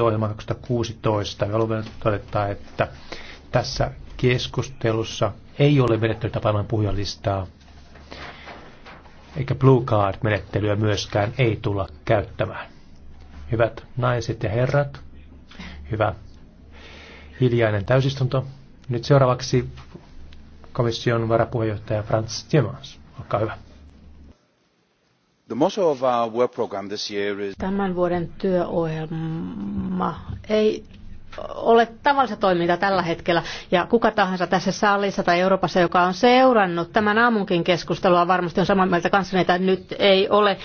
ohjelma 2016. Haluan todeta, että tässä keskustelussa ei ole menettelytä maailman puhujalistaa, eikä Blue Card-menettelyä myöskään ei tulla käyttämään. Hyvät naiset ja herrat, hyvä hiljainen täysistunto. Nyt seuraavaksi komission varapuheenjohtaja Franz Tiemans. Olkaa hyvä. Tämän vuoden työohjelma ei ole tavallista toimintaa tällä hetkellä. Ja kuka tahansa tässä salissa tai Euroopassa, joka on seurannut tämän aamunkin keskustelua, varmasti on samaa mieltä kanssani, että nyt ei ole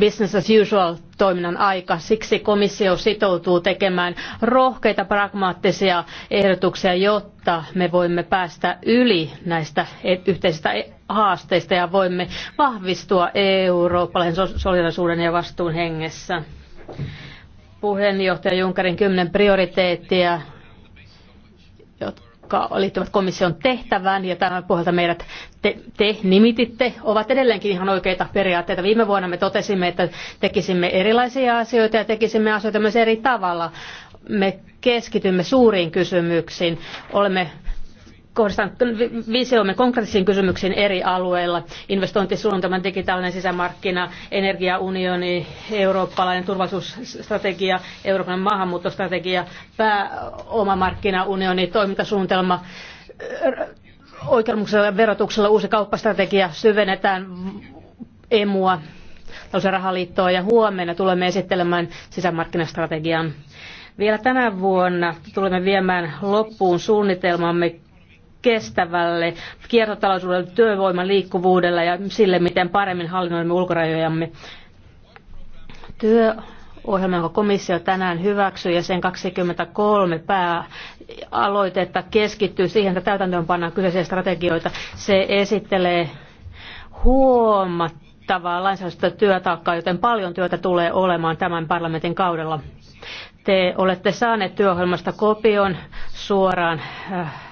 business as usual toiminnan aika. Siksi komissio sitoutuu tekemään rohkeita pragmaattisia ehdotuksia, jotta me voimme päästä yli näistä e- yhteisistä e- haasteista ja voimme vahvistua eurooppalaisen solidarisuuden ja vastuun hengessä puheenjohtaja Junckerin kymmenen prioriteettia, jotka liittyvät komission tehtävään ja tämän pohjalta meidät te, te nimititte, ovat edelleenkin ihan oikeita periaatteita. Viime vuonna me totesimme, että tekisimme erilaisia asioita ja tekisimme asioita myös eri tavalla. Me keskitymme suuriin kysymyksiin. Olemme kohdistan visiomme konkreettisiin kysymyksiin eri alueilla. Investointisuunnitelman digitaalinen sisämarkkina, energiaunioni, eurooppalainen turvallisuusstrategia, Euroopan maahanmuuttostrategia, pääomamarkkinaunioni, toimintasuunnitelma, oikeudenmukaisella verotuksella uusi kauppastrategia, syvennetään emua, talous- ja rahaliittoa ja huomenna tulemme esittelemään sisämarkkinastrategian. Vielä tänä vuonna tulemme viemään loppuun suunnitelmamme kestävälle kiertotaloudelle, työvoiman liikkuvuudelle ja sille, miten paremmin hallinnoimme ulkorajojamme. Työ, jonka komissio tänään hyväksyi ja sen 23 pääaloitetta keskittyy siihen, että täytäntöönpannaan kyseisiä strategioita. Se esittelee huomattavaa lainsäädäntöä työtaakkaa, joten paljon työtä tulee olemaan tämän parlamentin kaudella. Te olette saaneet työohjelmasta kopion suoraan äh,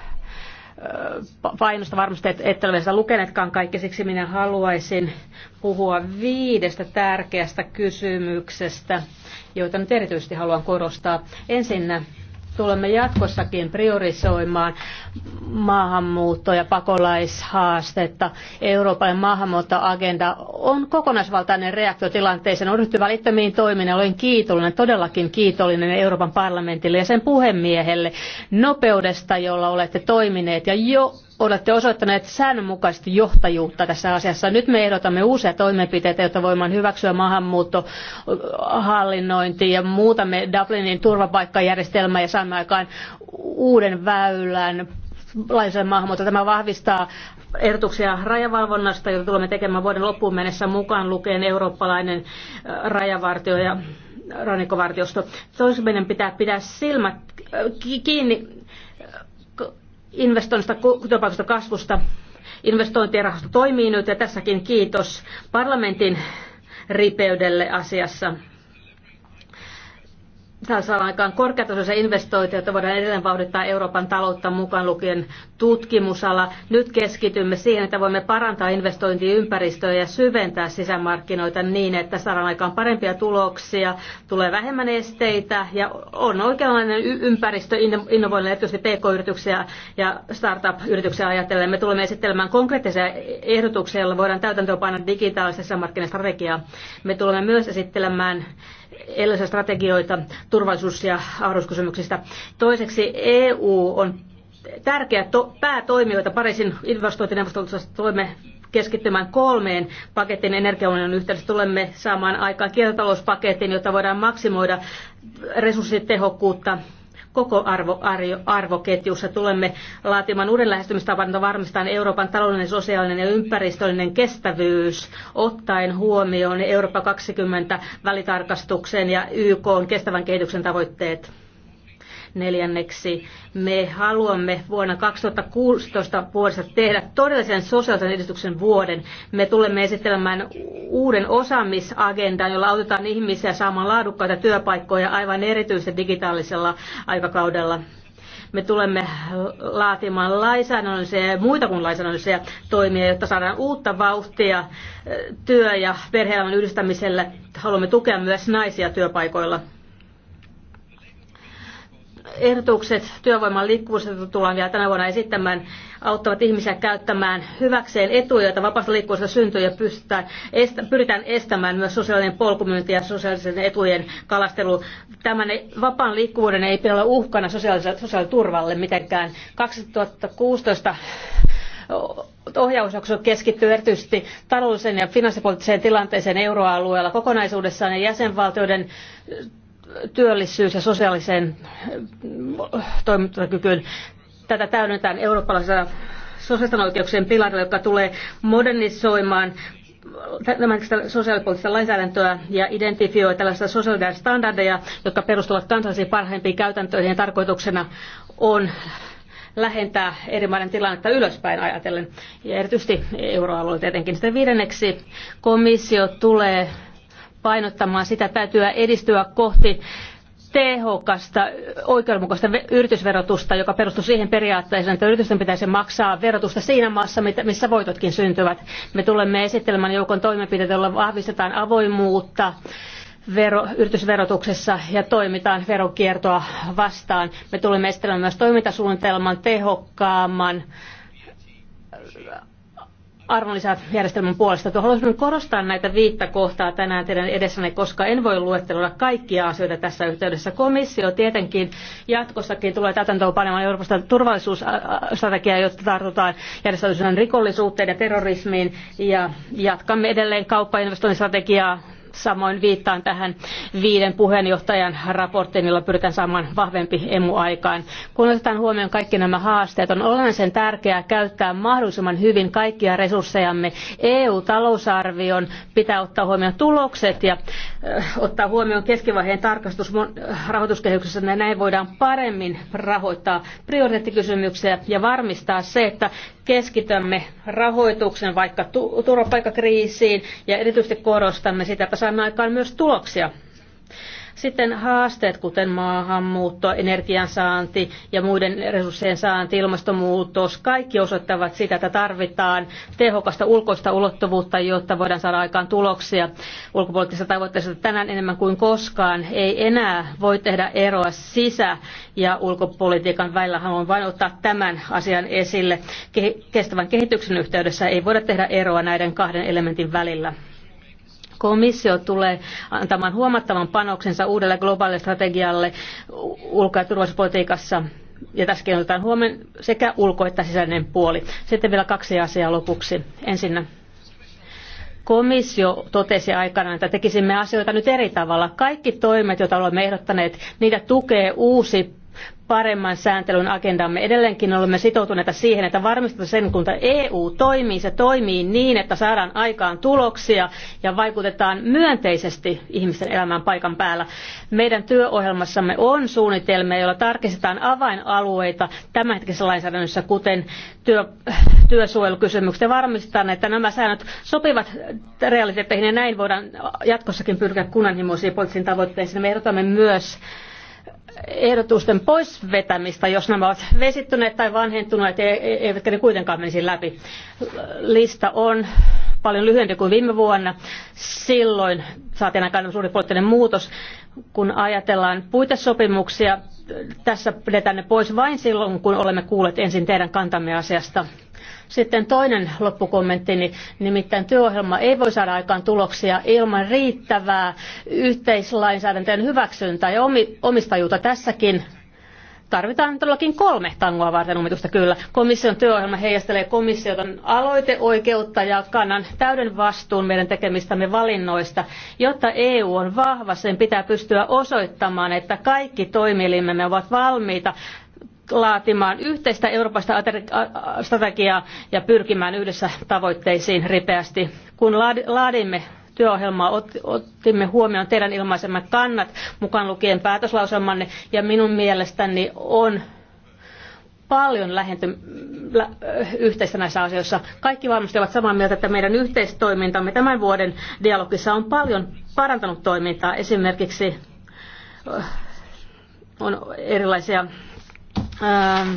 painosta varmasti, että ette ole sitä lukeneetkaan kaikki, siksi minä haluaisin puhua viidestä tärkeästä kysymyksestä, joita nyt erityisesti haluan korostaa. Ensinnä tulemme jatkossakin priorisoimaan maahanmuutto- ja pakolaishaastetta. Euroopan maahanmuuttoagenda on kokonaisvaltainen reaktio tilanteeseen. On ryhty välittömiin toimiin olen kiitollinen, todellakin kiitollinen Euroopan parlamentille ja sen puhemiehelle nopeudesta, jolla olette toimineet ja jo olette osoittaneet säännönmukaisesti johtajuutta tässä asiassa. Nyt me ehdotamme uusia toimenpiteitä, jotta voimme hyväksyä maahanmuutto, hallinnointi ja muutamme Dublinin turvapaikkajärjestelmää ja saamme aikaan uuden väylän lailliselle maahanmuuttoa. Tämä vahvistaa ehdotuksia rajavalvonnasta, jota tulemme tekemään vuoden loppuun mennessä mukaan lukien eurooppalainen rajavartio ja rannikkovartiosto. Toisin meidän pitää pitää silmät kiinni investoinnista, työpaikoista kasvusta. Investointirahasto toimii nyt ja tässäkin kiitos parlamentin ripeydelle asiassa saadaan aikaan korkeatasoisia investointeja, joita voidaan edelleen vauhdittaa Euroopan taloutta mukaan lukien tutkimusala. Nyt keskitymme siihen, että voimme parantaa investointiympäristöä ja syventää sisämarkkinoita niin, että saadaan aikaan parempia tuloksia, tulee vähemmän esteitä ja on oikeanlainen ympäristö innovoinnille erityisesti pk-yrityksiä ja startup-yrityksiä ajatellen. Me tulemme esittelemään konkreettisia ehdotuksia, joilla voidaan painaa digitaalista sisämarkkinastrategiaa. Me tulemme myös esittelemään erilaisia strategioita turvallisuus- ja avaruuskysymyksistä. Toiseksi EU on tärkeä to- päätoimijoita Pariisin investointineuvostossa toimme keskittymään kolmeen pakettiin energiaunion yhteydessä. Tulemme saamaan aikaan kiertotalouspaketin, jota voidaan maksimoida resurssitehokkuutta koko arvo, arjo, arvoketjussa. Tulemme laatimaan uuden lähestymistavan, jota varmistetaan Euroopan taloudellinen, sosiaalinen ja ympäristöllinen kestävyys, ottaen huomioon Eurooppa 20 välitarkastuksen ja YK on kestävän kehityksen tavoitteet. Neljänneksi me haluamme vuonna 2016 vuodessa tehdä todellisen sosiaalisen edistyksen vuoden. Me tulemme esittelemään uuden osaamisagendan, jolla autetaan ihmisiä saamaan laadukkaita työpaikkoja aivan erityisesti digitaalisella aikakaudella me tulemme laatimaan lainsäädännöllisiä ja muita kuin lainsäädännöllisiä toimia, jotta saadaan uutta vauhtia eh, työ- ja perhe-elämän yhdistämiselle. Haluamme tukea myös naisia työpaikoilla ehdotukset työvoiman liikkuvuudesta tullaan vielä tänä vuonna esittämään auttavat ihmisiä käyttämään hyväkseen etuja, joita vapaasta liikkuvuudesta syntyy ja pystytään, estä, pyritään estämään myös sosiaalinen polkumyynti ja sosiaalisen etujen kalastelu. Tämän vapaan liikkuvuuden ei pidä olla uhkana sosiaaliturvalle mitenkään. 2016 ohjausjakso keskittyy erityisesti taloudelliseen ja finanssipoliittiseen tilanteeseen euroalueella kokonaisuudessaan ja jäsenvaltioiden työllisyys- ja sosiaaliseen eh, toimintakykyyn. Tätä täydennetään eurooppalaisella sosiaalisten oikeuksien pilarilla, joka tulee modernisoimaan tämän sosiaalipoliittista lainsäädäntöä ja identifioi tällaisia sosiaalisia standardeja, jotka perustuvat kansallisiin parhaimpiin käytäntöihin ja tarkoituksena on lähentää eri maiden tilannetta ylöspäin ajatellen, ja erityisesti euroalueella tietenkin. Sitten viidenneksi komissio tulee painottamaan sitä täytyy edistyä kohti tehokasta, oikeudenmukaista yritysverotusta, joka perustuu siihen periaatteeseen, että yritysten pitäisi maksaa verotusta siinä maassa, missä voitotkin syntyvät. Me tulemme esittelemään joukon toimenpiteitä, joilla vahvistetaan avoimuutta vero, yritysverotuksessa ja toimitaan veronkiertoa vastaan. Me tulemme esittelemään myös toimintasuunnitelman tehokkaamman arvonlisäjärjestelmän puolesta. Haluaisin korostaa näitä viittä kohtaa tänään teidän edessänne, koska en voi luettelua kaikkia asioita tässä yhteydessä. Komissio tietenkin jatkossakin tulee täytäntöön panemaan Euroopasta turvallisuusstrategiaa, jotta tartutaan järjestäytyneen rikollisuuteen ja terrorismiin. Ja jatkamme edelleen kauppainvestointistrategiaa Samoin viittaan tähän viiden puheenjohtajan raporttiin, jolla pyritään saamaan vahvempi emu aikaan. Kun otetaan huomioon kaikki nämä haasteet, on olennaisen tärkeää käyttää mahdollisimman hyvin kaikkia resurssejamme. EU-talousarvion pitää ottaa huomioon tulokset ja ottaa huomioon keskivaiheen tarkastus rahoituskehyksessä, ja näin voidaan paremmin rahoittaa prioriteettikysymyksiä ja varmistaa se, että keskitämme rahoituksen vaikka turvapaikkakriisiin ja erityisesti korostamme sitä, että saamme aikaan myös tuloksia. Sitten haasteet, kuten maahanmuutto, energiansaanti ja muiden resurssien saanti, ilmastonmuutos, kaikki osoittavat sitä, että tarvitaan tehokasta ulkoista ulottuvuutta, jotta voidaan saada aikaan tuloksia ulkopoliittisista tavoitteista tänään enemmän kuin koskaan. Ei enää voi tehdä eroa sisä- ja ulkopolitiikan välillä. Haluan vain ottaa tämän asian esille. Kestävän kehityksen yhteydessä ei voida tehdä eroa näiden kahden elementin välillä. Komissio tulee antamaan huomattavan panoksensa uudelle globaalille strategialle ulko- ja turvallisuuspolitiikassa ja tässä otetaan huomioon sekä ulko- että sisäinen puoli. Sitten vielä kaksi asiaa lopuksi. Ensinnä komissio totesi aikanaan, että tekisimme asioita nyt eri tavalla. Kaikki toimet, joita olemme ehdottaneet, niitä tukee uusi paremman sääntelyn agendamme. Edelleenkin olemme sitoutuneita siihen, että varmistetaan sen, kun EU toimii, se toimii niin, että saadaan aikaan tuloksia ja vaikutetaan myönteisesti ihmisten elämään paikan päällä. Meidän työohjelmassamme on suunnitelmia, joilla tarkistetaan avainalueita tämänhetkisessä lainsäädännössä, kuten työ, työsuojelukysymykset, ja varmistetaan, että nämä säännöt sopivat realiteetteihin, ja näin voidaan jatkossakin pyrkiä kunnanhimoisiin poliittisiin tavoitteisiin. Me ehdotamme myös ehdotusten poisvetämistä, jos nämä ovat vesittyneet tai vanhentuneet, e- eivätkä ne kuitenkaan menisi läpi. Lista on paljon lyhyempi kuin viime vuonna. Silloin saatiin aikaan suuri poliittinen muutos. Kun ajatellaan puitesopimuksia, tässä pidetään ne pois vain silloin, kun olemme kuulleet ensin teidän kantamme asiasta. Sitten toinen niin, nimittäin työohjelma ei voi saada aikaan tuloksia ilman riittävää yhteislainsäädäntöjen hyväksyntää ja omistajuutta tässäkin tarvitaan todellakin kolme tangoa varten omitusta kyllä. Komission työohjelma heijastelee komission aloiteoikeutta ja kannan täyden vastuun meidän tekemistämme valinnoista. Jotta EU on vahva, sen pitää pystyä osoittamaan, että kaikki toimielimemme ovat valmiita laatimaan yhteistä Euroopasta strategiaa ja pyrkimään yhdessä tavoitteisiin ripeästi. Kun laadimme työohjelmaa otimme huomioon teidän ilmaisemme kannat mukaan lukien päätöslauselmanne ja minun mielestäni on paljon lähenty, yhteistä näissä asioissa. Kaikki varmasti ovat samaa mieltä, että meidän yhteistoimintamme tämän vuoden dialogissa on paljon parantanut toimintaa. Esimerkiksi on erilaisia ähm,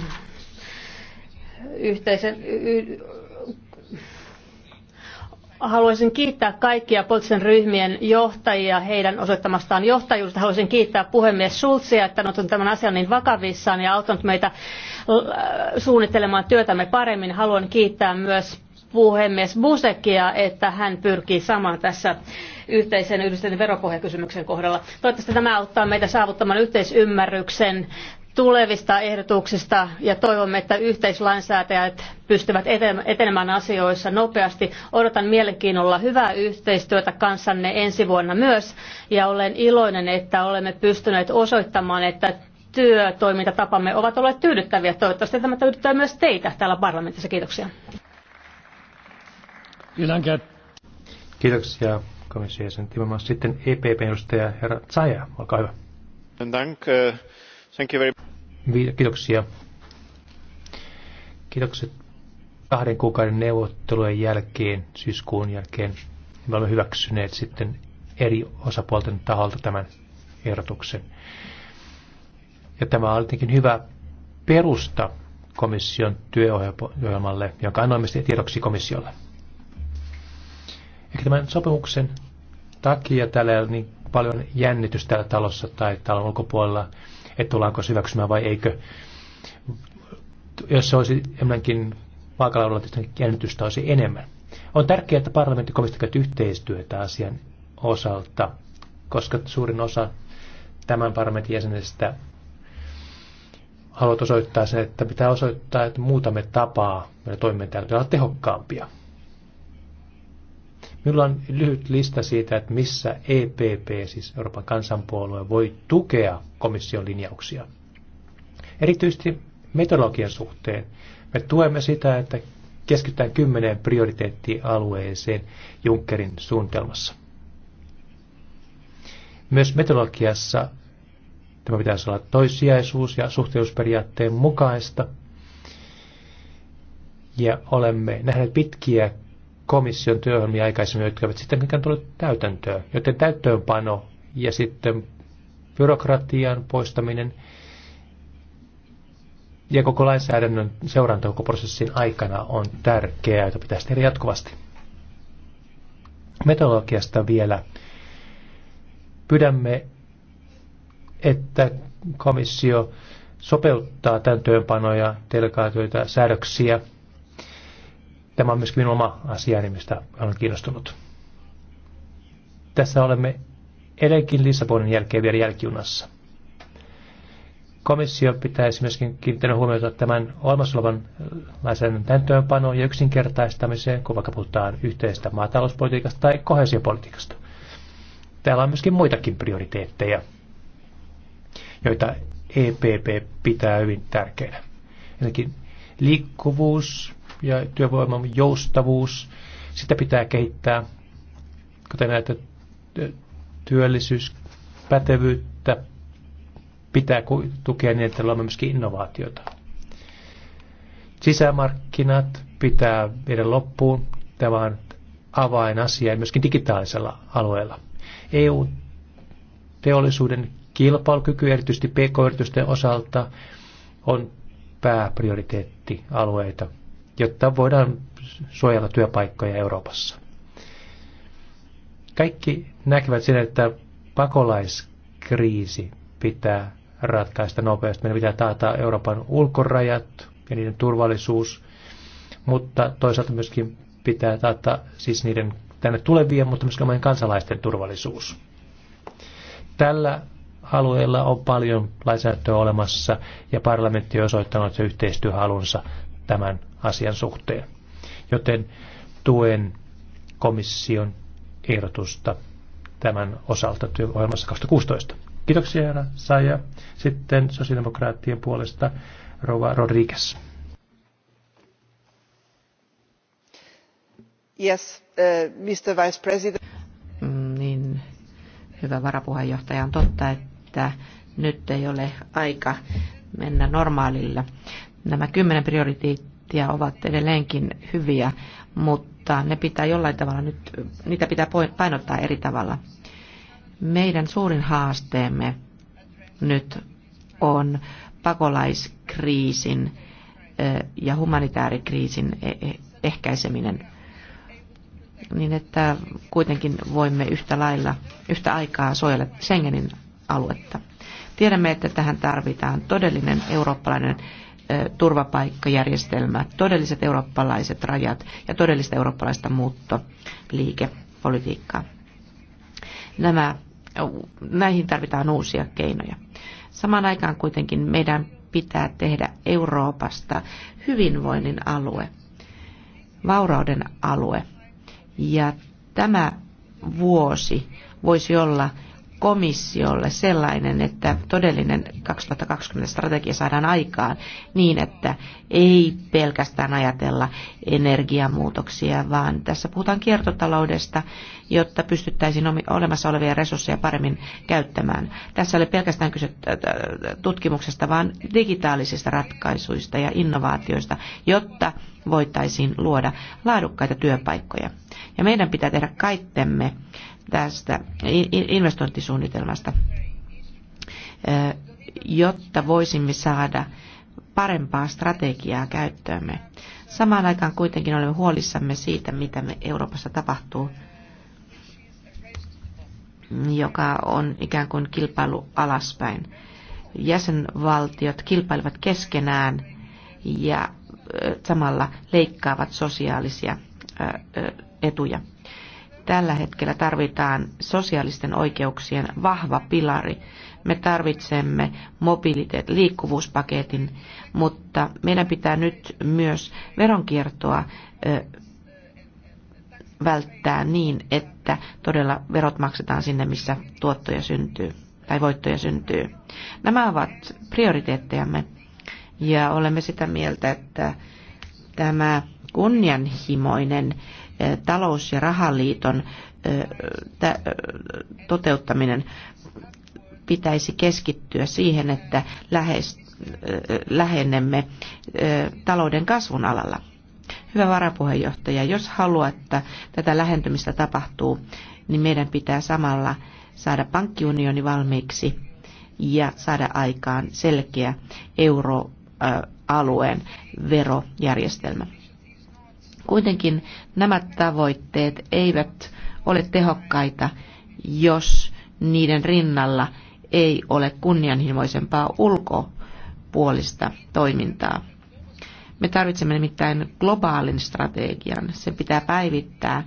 yhteisen, y, Haluaisin kiittää kaikkia poliittisen ryhmien johtajia heidän osoittamastaan johtajuudesta. Haluaisin kiittää puhemies Schulzia, että on ottanut tämän asian niin vakavissaan ja auttanut meitä äh, suunnittelemaan työtämme paremmin. Haluan kiittää myös puhemies Busekia, että hän pyrkii samaan tässä yhteisen yhdistetyn veropohjakysymyksen kohdalla. Toivottavasti tämä auttaa meitä saavuttamaan yhteisymmärryksen tulevista ehdotuksista ja toivomme, että yhteislainsäätäjät pystyvät etenemään asioissa nopeasti. Odotan mielenkiinnolla hyvää yhteistyötä kanssanne ensi vuonna myös ja olen iloinen, että olemme pystyneet osoittamaan, että työtoimintatapamme ovat olleet tyydyttäviä. Toivottavasti tämä tyydyttää myös teitä täällä parlamentissa. Kiitoksia. Kiitoksia komission jäsen Timmermans. Sitten EPP-edustaja herra Zaja, olkaa hyvä. Thank you very much. Kiitoksia. Kiitokset kahden kuukauden neuvottelujen jälkeen, syyskuun jälkeen, me olemme hyväksyneet sitten eri osapuolten taholta tämän ehdotuksen. Ja tämä on tietenkin hyvä perusta komission työohjelmalle, jonka annoimme sitten tiedoksi komissiolle. Ehkä tämän sopimuksen takia täällä ei ole niin paljon jännitystä täällä talossa tai talon ulkopuolella, että tullaanko se hyväksymään vai eikö. Jos se olisi enemmänkin vaakalaudulla, tietysti jännitystä olisi enemmän. On tärkeää, että parlamentti komista yhteistyötä asian osalta, koska suurin osa tämän parlamentin jäsenistä haluat osoittaa sen, että pitää osoittaa, että muutamme tapaa meidän toimimme täällä, olla tehokkaampia. Minulla on lyhyt lista siitä, että missä EPP, siis Euroopan kansanpuolue, voi tukea komission linjauksia. Erityisesti metodologian suhteen. Me tuemme sitä, että keskitytään kymmeneen prioriteettialueeseen Junckerin suunnitelmassa. Myös metodologiassa tämä pitäisi olla toissijaisuus- ja suhteellisuusperiaatteen mukaista. Ja olemme nähneet pitkiä komission työohjelmia aikaisemmin, jotka eivät sitten mikään tullut täytäntöön. Joten täyttöönpano ja sitten byrokratian poistaminen ja koko lainsäädännön seurantakoprosessin aikana on tärkeää, jota pitäisi tehdä jatkuvasti. Metodologiasta vielä. Pyydämme, että komissio sopeuttaa tämän työnpanoja, delegaatioita, säädöksiä – Tämä on myös minun oma asiani, mistä olen kiinnostunut. Tässä olemme edelleenkin Lissabonin jälkeen vielä jälkijunassa. Komissio pitäisi myöskin kiinnittää huomiota tämän olemassa olevan lainsäädännön täytäntöönpanoon ja yksinkertaistamiseen, kun vaikka puhutaan yhteisestä maatalouspolitiikasta tai kohesiopolitiikasta. Täällä on myöskin muitakin prioriteetteja, joita EPP pitää hyvin tärkeinä. Ensinnäkin liikkuvuus, ja työvoiman joustavuus, sitä pitää kehittää, kuten näitä työllisyyspätevyyttä pitää tukea niin, että luomme myöskin innovaatiota. Sisämarkkinat pitää viedä loppuun. Tämä on avainasia myöskin digitaalisella alueella. EU-teollisuuden kilpailukyky, erityisesti pk-yritysten osalta, on pääprioriteettialueita jotta voidaan suojella työpaikkoja Euroopassa. Kaikki näkevät sen, että pakolaiskriisi pitää ratkaista nopeasti. Meidän pitää taata Euroopan ulkorajat ja niiden turvallisuus, mutta toisaalta myöskin pitää taata siis niiden tänne tulevien, mutta myöskin meidän kansalaisten turvallisuus. Tällä alueella on paljon lainsäädäntöä olemassa ja parlamentti on osoittanut se yhteistyöhalunsa tämän asian suhteen. Joten tuen komission ehdotusta tämän osalta työohjelmassa 2016. Kiitoksia, Jana Saija. Sitten sosiaalidemokraattien puolesta Rova Rodriguez. Yes, uh, Mr. Vice President. Mm, niin, hyvä varapuheenjohtaja, on totta, että nyt ei ole aika mennä normaalilla Nämä kymmenen prioriteettia ovat edelleenkin hyviä, mutta ne pitää jollain tavalla nyt, niitä pitää painottaa eri tavalla. Meidän suurin haasteemme nyt on pakolaiskriisin ja humanitaarikriisin e-, e-, ehkäiseminen niin että kuitenkin voimme yhtä lailla, yhtä aikaa suojella Schengenin aluetta. Tiedämme, että tähän tarvitaan todellinen eurooppalainen turvapaikkajärjestelmä, todelliset eurooppalaiset rajat ja todellista eurooppalaista muuttoliikepolitiikkaa. Nämä, näihin tarvitaan uusia keinoja. Samaan aikaan kuitenkin meidän pitää tehdä Euroopasta hyvinvoinnin alue, vaurauden alue. Ja tämä vuosi voisi olla komissiolle sellainen, että todellinen 2020 strategia saadaan aikaan niin, että ei pelkästään ajatella energiamuutoksia, vaan tässä puhutaan kiertotaloudesta, jotta pystyttäisiin olemassa olevia resursseja paremmin käyttämään. Tässä ei ole pelkästään kyse äh, äh, tutkimuksesta, vaan digitaalisista ratkaisuista ja innovaatioista, jotta voitaisiin luoda laadukkaita työpaikkoja. Ja meidän pitää tehdä kaikkemme tästä investointisuunnitelmasta, jotta voisimme saada parempaa strategiaa käyttöömme. Samaan aikaan kuitenkin olemme huolissamme siitä, mitä me Euroopassa tapahtuu, joka on ikään kuin kilpailu alaspäin. Jäsenvaltiot kilpailevat keskenään ja samalla leikkaavat sosiaalisia etuja Tällä hetkellä tarvitaan sosiaalisten oikeuksien vahva pilari. Me tarvitsemme mobiliteet, liikkuvuuspaketin, mutta meidän pitää nyt myös veronkiertoa välttää niin, että todella verot maksetaan sinne, missä tuottoja syntyy tai voittoja syntyy. Nämä ovat prioriteettejamme ja olemme sitä mieltä, että tämä kunnianhimoinen talous- ja rahaliiton toteuttaminen pitäisi keskittyä siihen, että lähennemme talouden kasvun alalla. Hyvä varapuheenjohtaja, jos haluat, että tätä lähentymistä tapahtuu, niin meidän pitää samalla saada pankkiunioni valmiiksi ja saada aikaan selkeä euroalueen verojärjestelmä. Kuitenkin nämä tavoitteet eivät ole tehokkaita, jos niiden rinnalla ei ole kunnianhimoisempaa ulkopuolista toimintaa. Me tarvitsemme nimittäin globaalin strategian. Sen pitää päivittää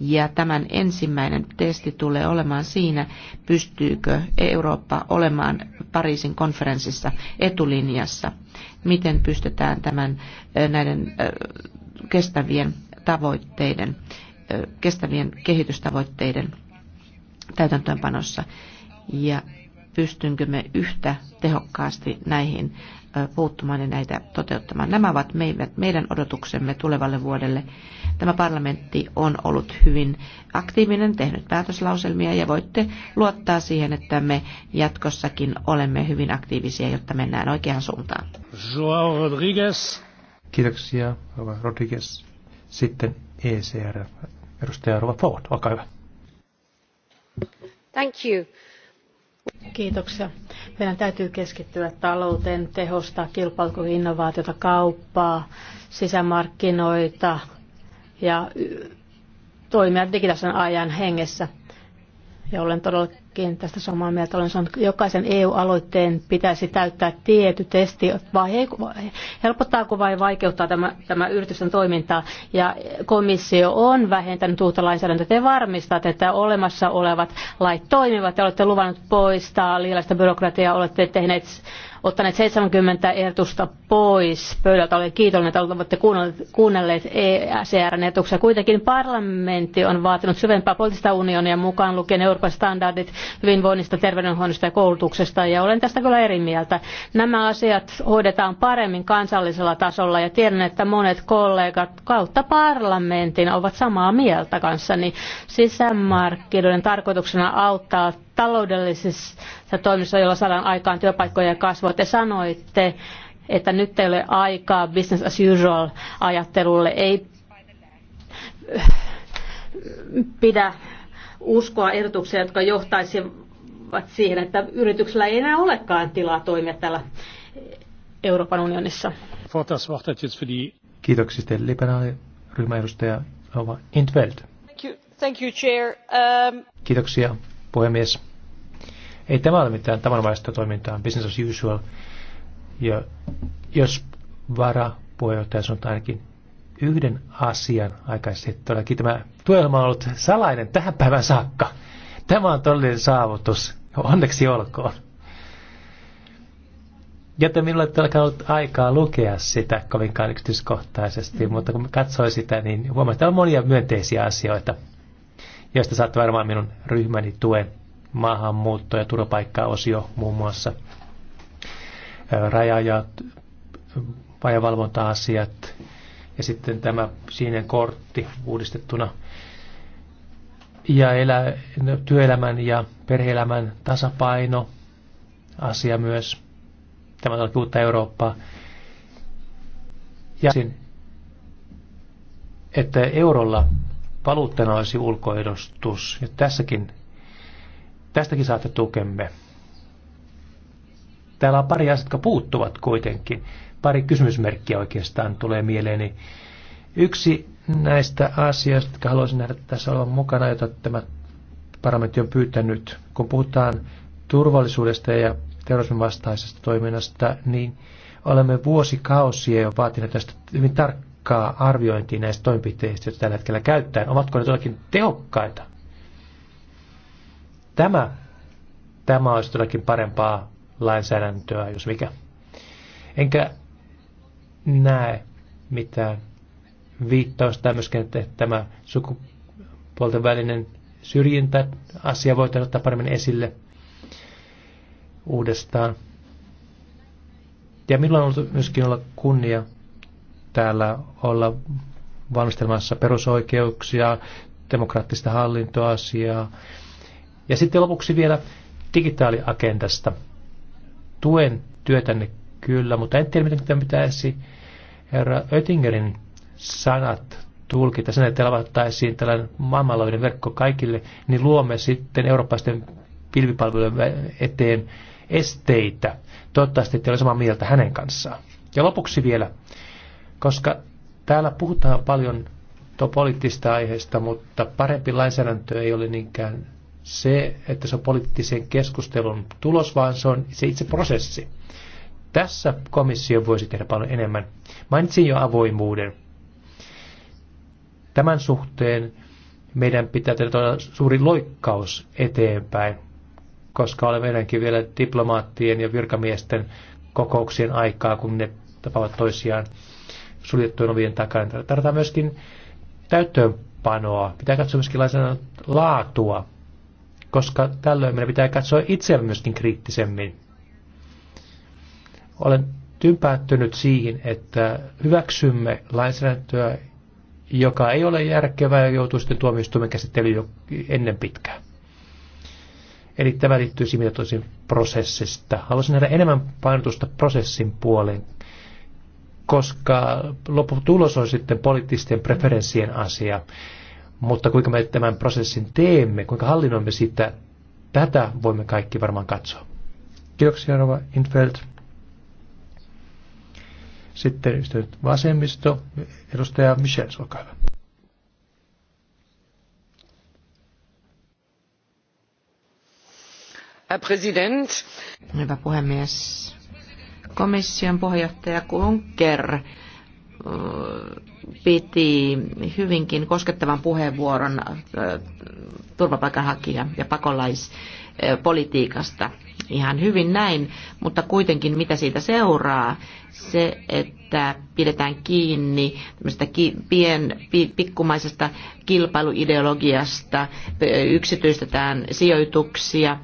ja tämän ensimmäinen testi tulee olemaan siinä, pystyykö Eurooppa olemaan Pariisin konferenssissa etulinjassa. Miten pystytään tämän, näiden kestävien tavoitteiden, kestävien kehitystavoitteiden täytäntöönpanossa ja pystynkö me yhtä tehokkaasti näihin puuttumaan ja näitä toteuttamaan. Nämä ovat meidän odotuksemme tulevalle vuodelle. Tämä parlamentti on ollut hyvin aktiivinen, tehnyt päätöslauselmia ja voitte luottaa siihen, että me jatkossakin olemme hyvin aktiivisia, jotta mennään oikeaan suuntaan. Rodriguez. Kiitoksia, Rova Rodriguez. Sitten ECR, edustaja Rova Ford, olkaa hyvä. Thank you. Kiitoksia. Meidän täytyy keskittyä talouteen, tehostaa kilpailukykyä, innovaatiota, kauppaa, sisämarkkinoita ja toimia digitaalisen ajan hengessä. Ja olen todella tästä samaa mieltä. Olen sanonut, että jokaisen EU-aloitteen pitäisi täyttää tietty testi, vai helpottaako vai vaikeuttaa tämä, tämä yritysten toimintaa. Ja komissio on vähentänyt uutta lainsäädäntöä. Te varmistatte, että olemassa olevat lait toimivat. Te olette luvannut poistaa liilaista byrokratiaa, olette tehneet ottaneet 70 ehdotusta pois pöydältä. Olen kiitollinen, että olette kuunnelleet ECRn e ehdotuksia. Kuitenkin parlamentti on vaatinut syvempää poliittista unionia mukaan lukien Euroopan standardit hyvinvoinnista, terveydenhoidosta ja koulutuksesta, ja olen tästä kyllä eri mieltä. Nämä asiat hoidetaan paremmin kansallisella tasolla, ja tiedän, että monet kollegat kautta parlamentin ovat samaa mieltä kanssani. Sisämarkkinoiden tarkoituksena auttaa taloudellisissa toimissa, joilla saadaan aikaan työpaikkoja ja kasvua. Te sanoitte, että nyt ei ole aikaa business as usual ajattelulle. Ei pidä uskoa ehdotuksia, jotka johtaisivat siihen, että yrityksellä ei enää olekaan tilaa toimia täällä Euroopan unionissa. Kiitoksia teille liberaaliryhmäedustaja Nova Intveld. Thank you, thank you, chair. Um... Kiitoksia puhemies. Ei tämä ole mitään tavanomaista toimintaa, business as usual. Ja jos vara puheenjohtaja sanotaan ainakin yhden asian aikaisesti. Todellakin tämä tuelma on ollut salainen tähän päivän saakka. Tämä on todellinen saavutus. Onneksi olkoon. Joten minulla ei ole ollut aikaa lukea sitä kovinkaan yksityiskohtaisesti, mm. mutta kun katsoin sitä, niin huomasin, että on monia myönteisiä asioita, joista saatte varmaan minun ryhmäni tuen. Maahanmuutto- ja turvapaikka-osio muun muassa. Raja- ja vajavalvonta-asiat, ja sitten tämä sininen kortti uudistettuna. Ja elä, no, työelämän ja perheelämän tasapaino asia myös. Tämä on uutta Eurooppaa. Ja että eurolla valuuttana olisi ulkoedustus. Ja tässäkin, tästäkin saatte tukemme. Täällä on pari asiaa, jotka puuttuvat kuitenkin. Pari kysymysmerkkiä oikeastaan tulee mieleeni. Yksi näistä asioista, jotka haluaisin nähdä tässä olevan mukana, jota tämä parlamentti on pyytänyt, kun puhutaan turvallisuudesta ja terrorismin vastaisesta toiminnasta, niin olemme vuosikausia jo vaatineet tästä hyvin tarkkaa arviointia näistä toimenpiteistä, joita tällä hetkellä käyttäen. Ovatko ne todellakin tehokkaita? Tämä, tämä olisi todellakin parempaa lainsäädäntöä, jos mikä. Enkä näe mitään viittausta myöskin, että tämä sukupuolten välinen syrjintä asia voitaisiin ottaa paremmin esille uudestaan. Ja milloin on ollut myöskin olla kunnia täällä olla valmistelmassa perusoikeuksia, demokraattista hallintoasiaa. Ja sitten lopuksi vielä digitaaliagendasta tuen työtänne kyllä, mutta en tiedä, miten pitäisi herra Oettingerin sanat tulkita. Sen, että avattaisiin tällainen maailmanlaajuinen verkko kaikille, niin luomme sitten eurooppalaisten pilvipalvelujen eteen esteitä. Toivottavasti ette ole samaa mieltä hänen kanssaan. Ja lopuksi vielä, koska täällä puhutaan paljon poliittista aiheesta, mutta parempi lainsäädäntö ei ole niinkään se, että se on poliittisen keskustelun tulos, vaan se on se itse prosessi. Tässä komissio voisi tehdä paljon enemmän. Mainitsin jo avoimuuden. Tämän suhteen meidän pitää tehdä suuri loikkaus eteenpäin, koska olemme meidänkin vielä diplomaattien ja virkamiesten kokouksien aikaa, kun ne tapaavat toisiaan suljettujen ovien takana. Tarvitaan myöskin täyttöönpanoa. Pitää katsoa myöskin laatua koska tällöin meidän pitää katsoa itseämme myöskin kriittisemmin. Olen tympäättynyt siihen, että hyväksymme lainsäädäntöä, joka ei ole järkevää ja joutuu sitten tuomioistuimen käsittelyyn jo ennen pitkää. Eli tämä liittyy siihen, prosessista. Haluaisin nähdä enemmän painotusta prosessin puoleen, koska lopputulos on sitten poliittisten preferenssien asia. Mutta kuinka me tämän prosessin teemme, kuinka hallinnoimme sitä, tätä voimme kaikki varmaan katsoa. Kiitoksia Rova Infeld. Sitten ystävät vasemmisto, edustaja Michel, olkaa hyvä. Hyvä puhemies. Komission puheenjohtaja Kulunker piti hyvinkin koskettavan puheenvuoron äh, turvapaikanhakija- ja pakolaispolitiikasta. Ihan hyvin näin, mutta kuitenkin mitä siitä seuraa? Se, että pidetään kiinni tämmöistä pien, pikkumaisesta kilpailuideologiasta, yksityistetään sijoituksia –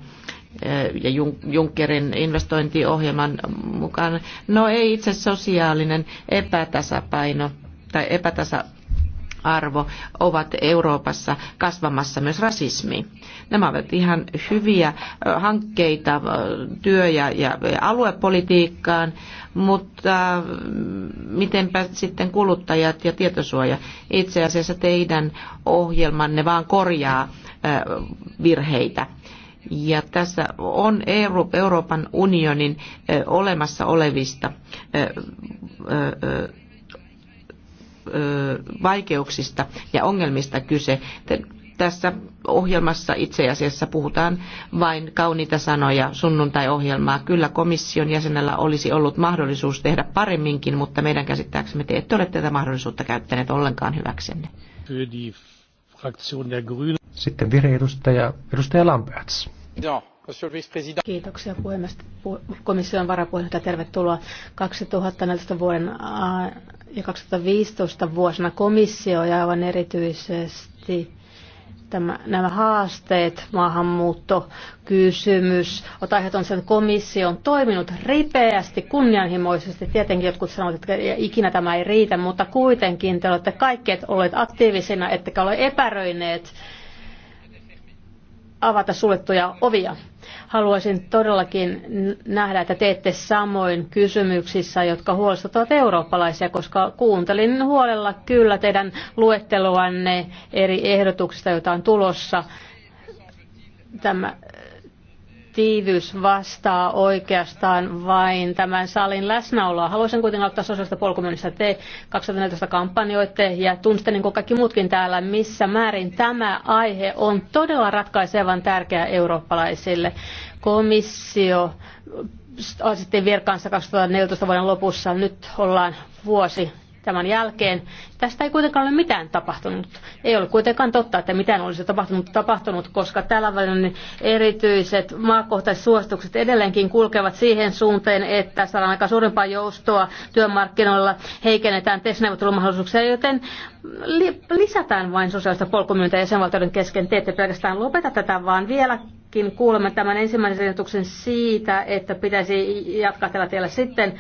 Eh, ja Junckerin investointiohjelman mukaan. No ei itse sosiaalinen epätasapaino tai epätasa arvo ovat Euroopassa kasvamassa myös rasismi. Nämä ovat ihan hyviä hankkeita työ- ja, ja aluepolitiikkaan, mutta mm, mitenpä sitten kuluttajat ja tietosuoja? Itse asiassa teidän ohjelmanne vaan korjaa virheitä ja tässä on Euroopan unionin olemassa olevista vaikeuksista ja ongelmista kyse. Tässä ohjelmassa itse asiassa puhutaan vain kauniita sanoja sunnuntai-ohjelmaa. Kyllä komission jäsenellä olisi ollut mahdollisuus tehdä paremminkin, mutta meidän käsittääksemme te ette ole tätä mahdollisuutta käyttäneet ollenkaan hyväksenne. Sitten vireedustaja, edustaja, edustaja Kiitoksia puhemies. Komission varapuheenjohtaja, tervetuloa 2014 vuoden ja 2015 vuosina komissio ja aivan erityisesti tämä, nämä haasteet, kysymys, Ota on sen, että komissio on toiminut ripeästi, kunnianhimoisesti. Tietenkin jotkut sanovat, että ikinä tämä ei riitä, mutta kuitenkin te olette kaikki olleet aktiivisina, ettekä ole epäröineet avata suljettuja ovia. Haluaisin todellakin nähdä, että teette samoin kysymyksissä, jotka huolestuttavat eurooppalaisia, koska kuuntelin huolella kyllä teidän luetteluanne eri ehdotuksista, joita on tulossa. Tämä tiivyys vastaa oikeastaan vain tämän salin läsnäoloa. Haluaisin kuitenkin ottaa sosiaalista polkumyynnistä te 2014 kampanjoitte ja tunnistan niin kuin kaikki muutkin täällä, missä määrin tämä aihe on todella ratkaisevan tärkeä eurooppalaisille. Komissio asettiin virkaansa 2014 vuoden lopussa, nyt ollaan vuosi tämän jälkeen. Tästä ei kuitenkaan ole mitään tapahtunut. Ei ole kuitenkaan totta, että mitään olisi tapahtunut, tapahtunut koska tällä välin erityiset maakohtaiset suositukset edelleenkin kulkevat siihen suuntaan, että saadaan aika suurempaa joustoa työmarkkinoilla, heikennetään testneuvottelumahdollisuuksia, joten lisätään vain sosiaalista polkumyyntä jäsenvaltioiden kesken. Te ette pelkästään lopeta tätä, vaan vielä kuitenkin kuulemme tämän ensimmäisen ehdotuksen siitä, että pitäisi jatkaa tällä tiellä sitten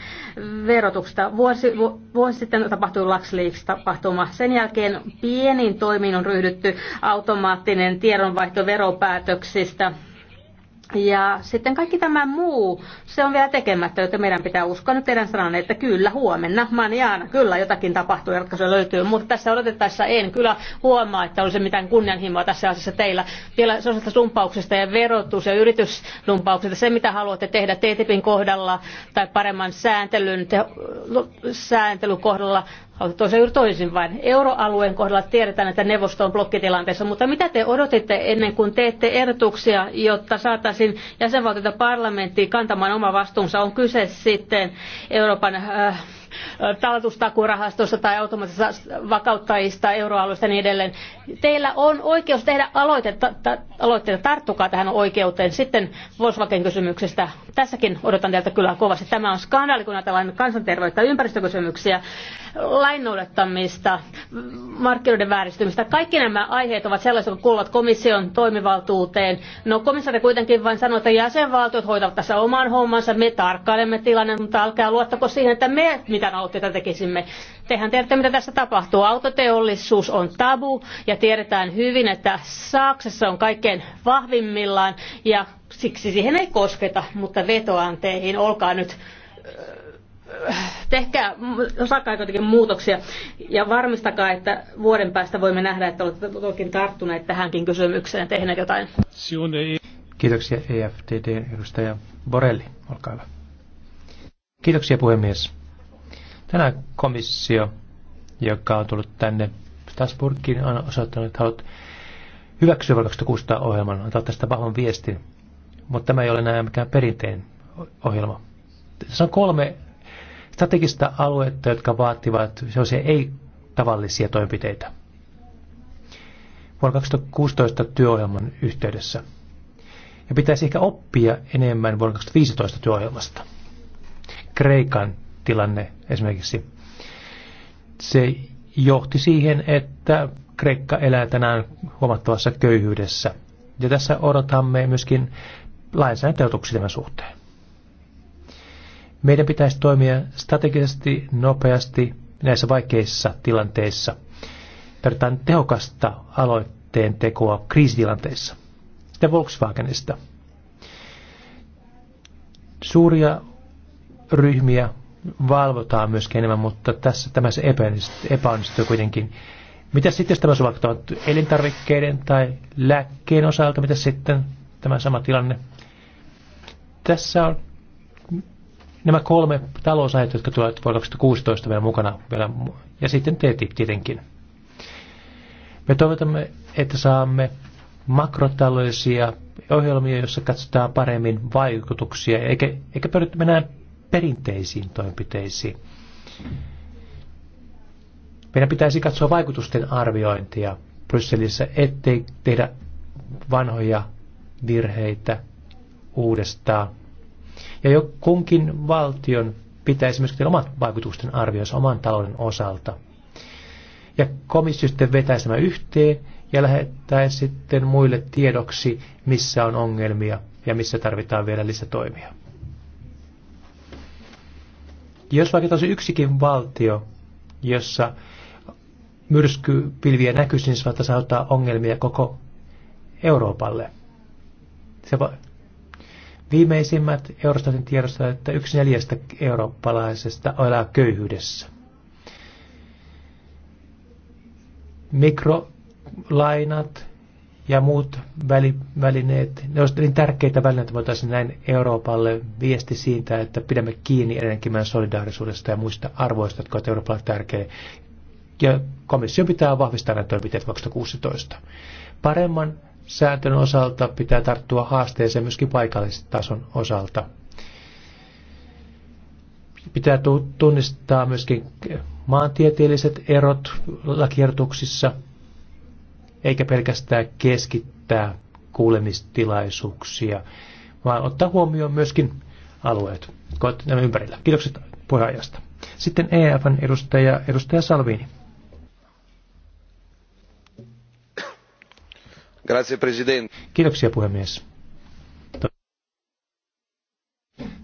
verotuksesta. Vuosi, vu, vuosi sitten tapahtui LuxLeaks-tapahtuma. Sen jälkeen pienin toimiin on ryhdytty automaattinen tiedonvaihto veropäätöksistä ja sitten kaikki tämä muu, se on vielä tekemättä, joten meidän pitää uskoa nyt teidän sananne, että kyllä huomenna, maniaana, kyllä jotakin tapahtuu ja ratkaisu löytyy. Mutta tässä odotettaessa en kyllä huomaa, että olisi mitään kunnianhimoa tässä asiassa teillä. Vielä sosiaalista sumpauksesta ja verotus- ja yrityslumpauksesta, se mitä haluatte tehdä TTIPin kohdalla tai paremman sääntelyn, te, sääntelyn kohdalla, toisen juuri toisin vain. Euroalueen kohdalla tiedetään, että neuvosto on blokkitilanteessa, mutta mitä te odotitte ennen kuin teette ehdotuksia, jotta saataisiin jäsenvaltioita parlamenttiin kantamaan oma vastuunsa? On kyse sitten Euroopan äh, talletustakurahastosta tai automaattisista vakauttajista, euroalueista ja niin edelleen. Teillä on oikeus tehdä aloitetta, aloitteita, tarttukaa tähän oikeuteen. Sitten Volkswagen kysymyksestä. Tässäkin odotan teiltä kyllä kovasti. Tämä on skandaali, kun ajatellaan kansanterveyttä, ympäristökysymyksiä, lain noudattamista, markkinoiden vääristymistä. Kaikki nämä aiheet ovat sellaisia, jotka kuuluvat komission toimivaltuuteen. No komissaari kuitenkin vain sanoo, että jäsenvaltiot hoitavat tässä oman hommansa, me tarkkailemme tilanne, mutta älkää luottako siihen, että me mitään aloitteita tekisimme. Tehän tiedätte, mitä tässä tapahtuu. Autoteollisuus on tabu ja tiedetään hyvin, että Saksassa on kaikkein vahvimmillaan ja siksi siihen ei kosketa, mutta vetoan teihin, olkaa nyt äh, tehkää, osakaa jotenkin muutoksia ja varmistakaa, että vuoden päästä voimme nähdä, että olette todellakin tarttuneet tähänkin kysymykseen ja tehneet jotain. Kiitoksia EFTD-edustaja Borelli, olkaa hyvä. Kiitoksia puhemies. Tänään komissio, joka on tullut tänne Strasbourgiin, on osoittanut, että haluat hyväksyä vuonna 2016 ohjelman, antaa tästä vahvan viestin. Mutta tämä ei ole enää mikään perinteinen ohjelma. Tässä on kolme strategista aluetta, jotka vaativat sellaisia ei-tavallisia toimenpiteitä. Vuonna 2016 työohjelman yhteydessä. Ja pitäisi ehkä oppia enemmän vuonna 2015 työohjelmasta. Kreikan tilanne esimerkiksi. Se johti siihen, että Kreikka elää tänään huomattavassa köyhyydessä. Ja tässä odotamme myöskin lainsäädäntöotuksia tämän suhteen. Meidän pitäisi toimia strategisesti, nopeasti näissä vaikeissa tilanteissa. Tarvitaan tehokasta aloitteen tekoa kriisitilanteissa. Sitten Volkswagenista. Suuria ryhmiä valvotaan myöskin enemmän, mutta tässä tämä se epäonnistuu kuitenkin. Mitä sitten, jos tämä on vaikka elintarvikkeiden tai lääkkeen osalta, mitä sitten tämä sama tilanne? Tässä on nämä kolme talousaihetta, jotka tulevat vuonna 2016 vielä mukana, vielä, ja sitten teet tietenkin. Me toivotamme, että saamme makrotaloudellisia ohjelmia, joissa katsotaan paremmin vaikutuksia, eikä, eikä mennään perinteisiin toimenpiteisiin. Meidän pitäisi katsoa vaikutusten arviointia Brysselissä, ettei tehdä vanhoja virheitä uudestaan. Ja jo kunkin valtion pitäisi myös tehdä omat vaikutusten arvioissa oman talouden osalta. Ja komissio sitten vetäisi nämä yhteen ja lähettää sitten muille tiedoksi, missä on ongelmia ja missä tarvitaan vielä lisätoimia. Jos vaikka olisi yksikin valtio, jossa myrskypilviä näkyisi, niin saattaa saattaa ongelmia koko Euroopalle. Se va- Viimeisimmät Eurostatin tiedossa, että yksi neljästä eurooppalaisesta elää köyhyydessä. Mikrolainat ja muut väli, välineet, ne olisivat niin tärkeitä välineitä, voitaisiin näin Euroopalle viesti siitä, että pidämme kiinni edelleenkin meidän solidaarisuudesta ja muista arvoista, jotka ovat Euroopalle tärkeitä. Ja komissio pitää vahvistaa näitä toimenpiteitä 2016. Paremman sääntelyn osalta pitää tarttua haasteeseen myöskin paikallistason osalta. Pitää tunnistaa myöskin maantieteelliset erot lakiertuksissa – eikä pelkästään keskittää kuulemistilaisuuksia, vaan ottaa huomioon myöskin alueet nämä ympärillä. Kiitokset puheenjohtajasta. Sitten EFN edustaja, edustaja Salvini. Kiitoksia puhemies.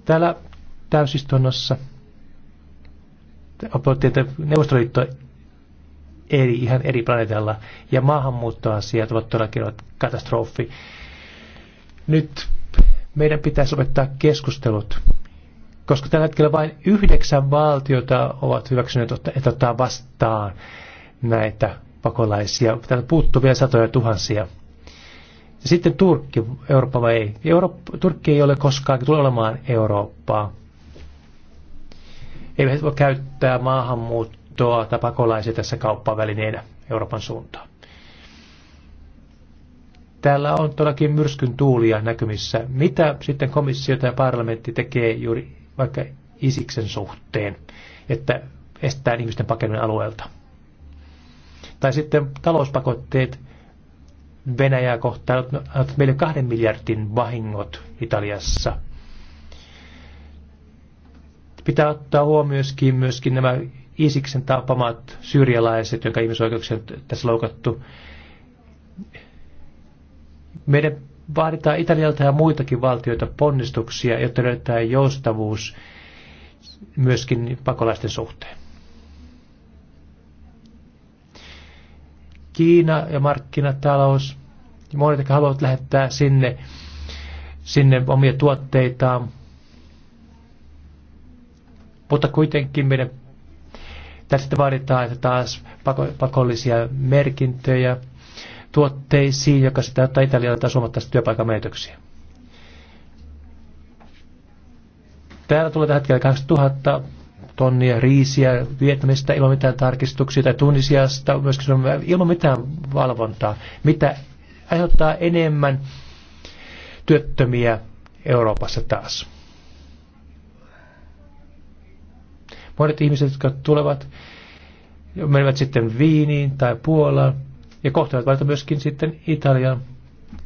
Täällä täysistunnossa neuvostoliitto eri, ihan eri planeetalla. Ja maahanmuuttoasiat ovat todellakin katastrofi. Nyt meidän pitäisi opettaa keskustelut, koska tällä hetkellä vain yhdeksän valtiota ovat hyväksyneet, että ottaa vastaan näitä pakolaisia. Täällä puuttuu vielä satoja tuhansia. Ja sitten Turkki, Eurooppa vai ei? Eurooppa, Turkki ei ole koskaan, tule olemaan Eurooppaa. Ei voi käyttää maahanmuuttoa siirtoa tai pakolaisia tässä kauppavälineenä Euroopan suuntaan. Täällä on todellakin myrskyn tuulia näkymissä. Mitä sitten komissio tai parlamentti tekee juuri vaikka Isiksen suhteen, että estää ihmisten pakeminen alueelta? Tai sitten talouspakotteet Venäjää kohtaan, meillä kahden miljardin vahingot Italiassa. Pitää ottaa huomioon myöskin, myöskin nämä Isiksen tapamat syyrialaiset, jonka ihmisoikeuksia on tässä loukattu. Meidän vaaditaan Italialta ja muitakin valtioita ponnistuksia, jotta löytää joustavuus myöskin pakolaisten suhteen. Kiina ja markkinatalous, monet, jotka haluavat lähettää sinne, sinne omia tuotteitaan, mutta kuitenkin meidän Tästä vaaditaan että taas pakollisia merkintöjä tuotteisiin, joka sitä ottaa Italialla taas huomattavasti työpaikan menetyksiä. Täällä tulee tällä hetkellä 2000 tonnia riisiä Vietnamista ilman mitään tarkistuksia tai Tunisiasta, myöskin ilman mitään valvontaa, mitä aiheuttaa enemmän työttömiä Euroopassa taas. Monet ihmiset, jotka tulevat, menevät sitten Viiniin tai Puolaan ja kohtaavat valita myöskin sitten Italian.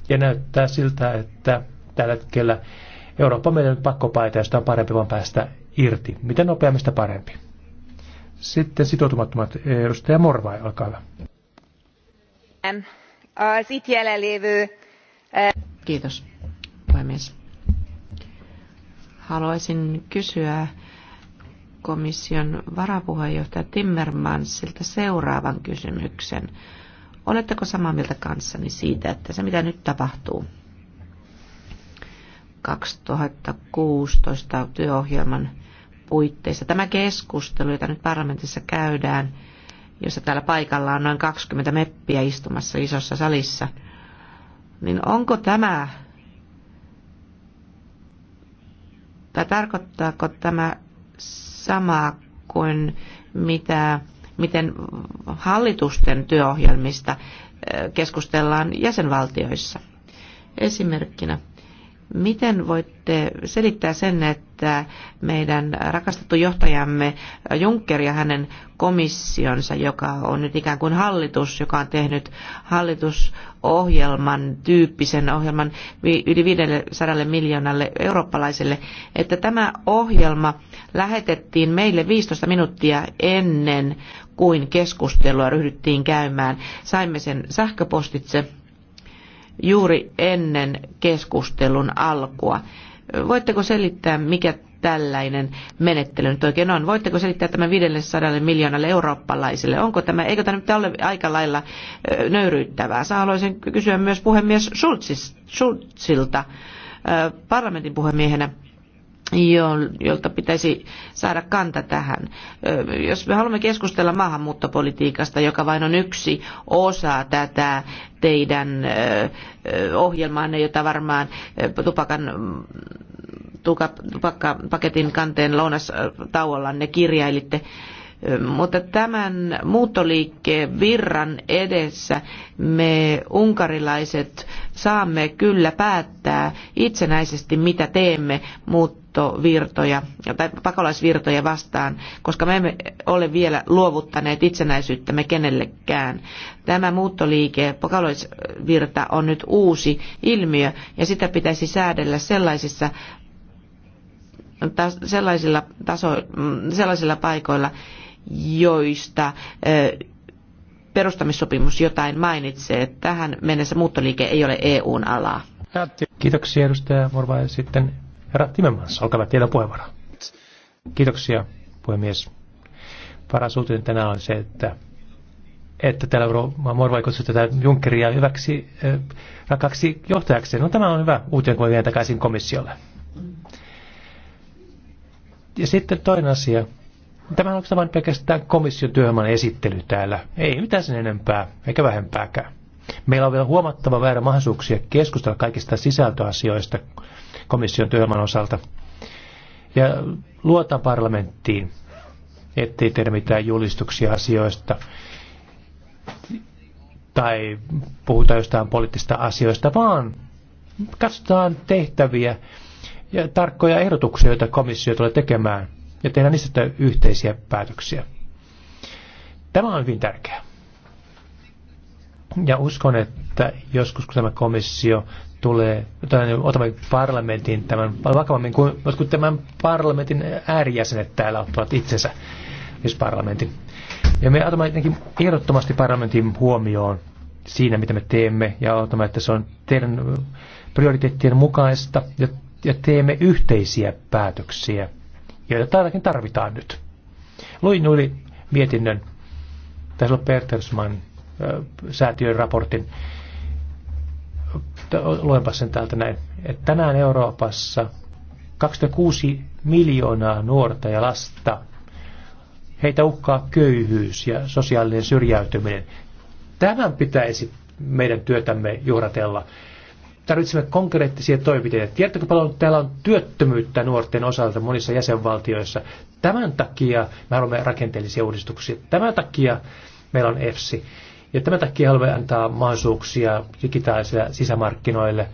Ja näyttää siltä, että tällä hetkellä Eurooppa on meidän pakko paita, josta on parempi vaan päästä irti. Mitä nopeammin sitä parempi. Sitten sitoutumattomat edustaja Morvai, olkaa hyvä. Ähm, äh, äh. Kiitos, puhemies. Haluaisin kysyä komission varapuheenjohtaja Timmermansilta seuraavan kysymyksen. Oletteko samaa mieltä kanssani siitä, että se mitä nyt tapahtuu 2016 työohjelman puitteissa, tämä keskustelu, jota nyt parlamentissa käydään, jossa täällä paikalla on noin 20 meppiä istumassa isossa salissa, niin onko tämä, tai tarkoittaako tämä samaa kuin mitä, miten hallitusten työohjelmista eh, keskustellaan jäsenvaltioissa. Esimerkkinä Miten voitte selittää sen, että meidän rakastettu johtajamme Juncker ja hänen komissionsa, joka on nyt ikään kuin hallitus, joka on tehnyt hallitusohjelman tyyppisen ohjelman yli 500 miljoonalle eurooppalaiselle, että tämä ohjelma lähetettiin meille 15 minuuttia ennen kuin keskustelua ryhdyttiin käymään. Saimme sen sähköpostitse juuri ennen keskustelun alkua. Voitteko selittää, mikä tällainen menettely nyt oikein on? Voitteko selittää tämän 500 miljoonalle eurooppalaisille? Onko tämä, eikö tämä nyt ole aika lailla nöyryyttävää? Sä haluaisin kysyä myös puhemies Schulzilta parlamentin puhemiehenä jolta pitäisi saada kanta tähän. Jos me haluamme keskustella maahanmuuttopolitiikasta, joka vain on yksi osa tätä teidän ohjelmaanne, jota varmaan tupakan tupakkapaketin kanteen lounastauollanne kirjailitte, mutta tämän muuttoliikkeen virran edessä me unkarilaiset saamme kyllä päättää itsenäisesti, mitä teemme, mutta maahanmuuttovirtoja tai pakolaisvirtoja vastaan, koska me emme ole vielä luovuttaneet itsenäisyyttämme kenellekään. Tämä muuttoliike, pakolaisvirta on nyt uusi ilmiö ja sitä pitäisi säädellä sellaisissa sellaisilla, taso, sellaisilla paikoilla, joista perustamissopimus jotain mainitsee. Tähän mennessä muuttoliike ei ole EUn alaa. Kiitoksia edustaja Morva. Sitten Herra Timemans, olkaa teidän puheenvuoro. Kiitoksia, puhemies. Paras uutinen tänään on se, että että täällä on kutsui tätä Junckeria hyväksi äh, rakaksi johtajaksi. No tämä on hyvä uutinen, kun vien takaisin komissiolle. Ja sitten toinen asia. Tämä on vain pelkästään komission työhön esittely täällä. Ei mitään sen enempää, eikä vähempääkään. Meillä on vielä huomattava väärä mahdollisuuksia keskustella kaikista sisältöasioista komission työelämän osalta. Ja luotan parlamenttiin, ettei tehdä mitään julistuksia asioista tai puhuta jostain poliittista asioista, vaan katsotaan tehtäviä ja tarkkoja ehdotuksia, joita komissio tulee tekemään, ja tehdään niistä yhteisiä päätöksiä. Tämä on hyvin tärkeää. Ja uskon, että joskus kun tämä komissio tulee, otamme parlamentin tämän vakavammin kuin kun tämän parlamentin äärijäsenet täällä ottavat itsensä, myös siis parlamentin. Ja me otamme jotenkin ehdottomasti parlamentin huomioon siinä, mitä me teemme, ja otamme, että se on teidän prioriteettien mukaista, ja, ja teemme yhteisiä päätöksiä, joita täälläkin tarvitaan nyt. Luin yli mietinnön, tässä on Bertelsmann säätiön raportin. Luenpa sen täältä näin. Että tänään Euroopassa 26 miljoonaa nuorta ja lasta. Heitä uhkaa köyhyys ja sosiaalinen syrjäytyminen. Tämän pitäisi meidän työtämme juhratella. Tarvitsemme konkreettisia toimenpiteitä. Tiedättekö paljon, täällä on työttömyyttä nuorten osalta monissa jäsenvaltioissa. Tämän takia me haluamme rakenteellisia uudistuksia. Tämän takia meillä on EFSI. Ja tämän takia haluamme antaa mahdollisuuksia digitaalisille sisämarkkinoille.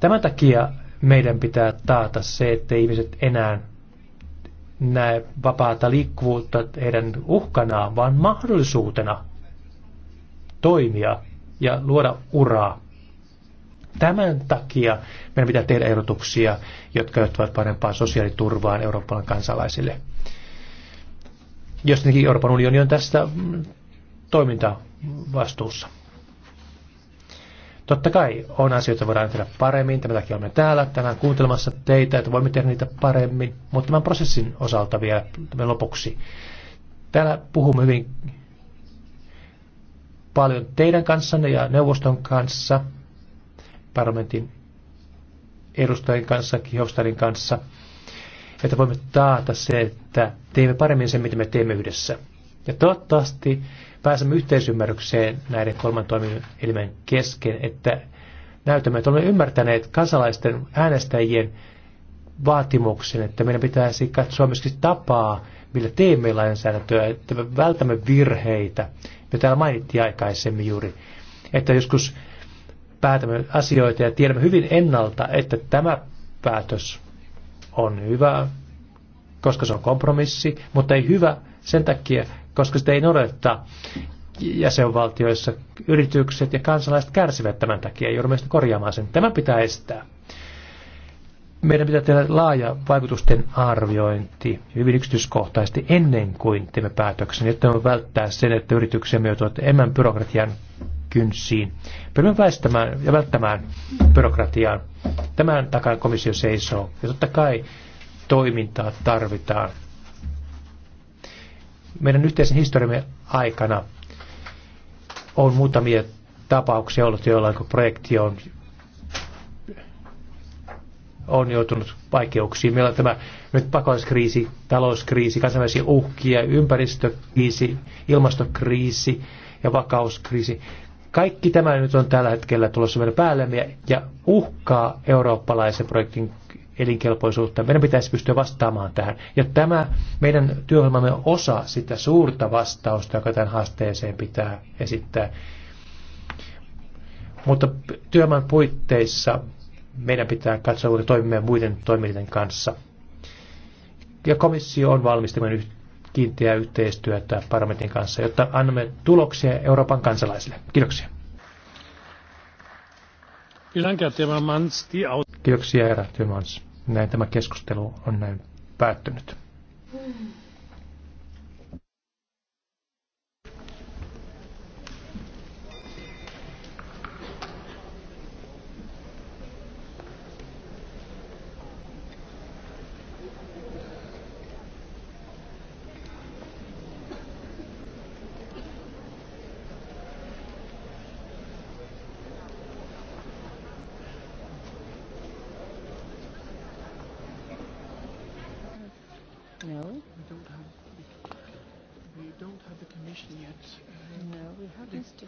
Tämän takia meidän pitää taata se, että ihmiset enää näe vapaata liikkuvuutta heidän uhkanaan, vaan mahdollisuutena toimia ja luoda uraa. Tämän takia meidän pitää tehdä ehdotuksia, jotka johtavat parempaan sosiaaliturvaan Euroopan kansalaisille. Jos Euroopan unioni on tästä toimintavastuussa. Totta kai on asioita, voidaan tehdä paremmin. Tämän takia olemme täällä tänään kuuntelemassa teitä, että voimme tehdä niitä paremmin. Mutta tämän prosessin osalta vielä tämän lopuksi. Täällä puhumme hyvin paljon teidän kanssanne ja neuvoston kanssa, parlamentin edustajien kanssa, Kihostarin kanssa, että voimme taata se, että teemme paremmin sen, mitä me teemme yhdessä. Ja toivottavasti pääsemme yhteisymmärrykseen näiden kolman toimielimen kesken, että näytämme, että olemme ymmärtäneet kansalaisten äänestäjien vaatimuksen, että meidän pitäisi katsoa myöskin tapaa, millä teemme lainsäädäntöä, että me vältämme virheitä. Me täällä mainittiin aikaisemmin juuri, että joskus päätämme asioita ja tiedämme hyvin ennalta, että tämä päätös on hyvä, koska se on kompromissi, mutta ei hyvä sen takia, koska sitä ei noudateta jäsenvaltioissa. Yritykset ja kansalaiset kärsivät tämän takia, joudumme sitä korjaamaan sen. Tämä pitää estää. Meidän pitää tehdä laaja vaikutusten arviointi hyvin yksityiskohtaisesti ennen kuin teemme päätöksen, jotta me välttää sen, että yrityksiä joutuvat enemmän byrokratian kynsiin. Pyrimme väistämään ja välttämään byrokratiaa. Tämän takana komissio seisoo. Ja totta kai toimintaa tarvitaan meidän yhteisen historiamme aikana on muutamia tapauksia ollut, joilla niin projekti on, on joutunut vaikeuksiin. Meillä on tämä nyt pakolaiskriisi, talouskriisi, kansainvälisiä uhkia, ympäristökriisi, ilmastokriisi ja vakauskriisi. Kaikki tämä nyt on tällä hetkellä tulossa meidän päällemme ja uhkaa eurooppalaisen projektin elinkelpoisuutta. Meidän pitäisi pystyä vastaamaan tähän. Ja tämä meidän työohjelmamme on osa sitä suurta vastausta, joka tämän haasteeseen pitää esittää. Mutta työelämän puitteissa meidän pitää katsoa, kuinka toimimme muiden toimijoiden kanssa. Ja komissio on valmistamaan kiinteää yhteistyötä parlamentin kanssa, jotta annamme tuloksia Euroopan kansalaisille. Kiitoksia. Kiitoksia, herra Tymans. Näin tämä keskustelu on näin päättynyt.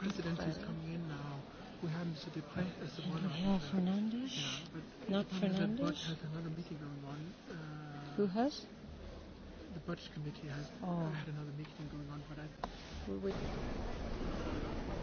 president is coming in now. We have Mr. Depre as the one. We have Yeah, Fernandez. Not Fernandez. has another meeting going on. Uh, Who has? The budget committee has oh. had another meeting going on, but I. We, we